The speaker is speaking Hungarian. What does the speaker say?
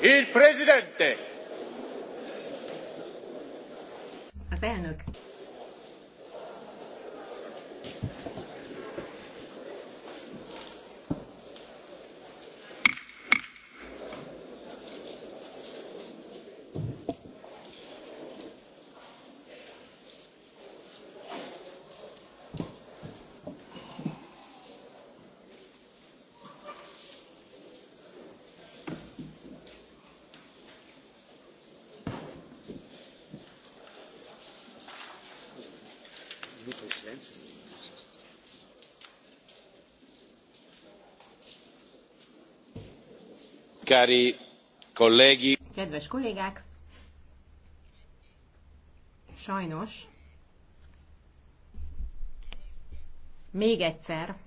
Il presidente. Az elnök. Cari colleghi. Kedves kollégák! Sajnos még egyszer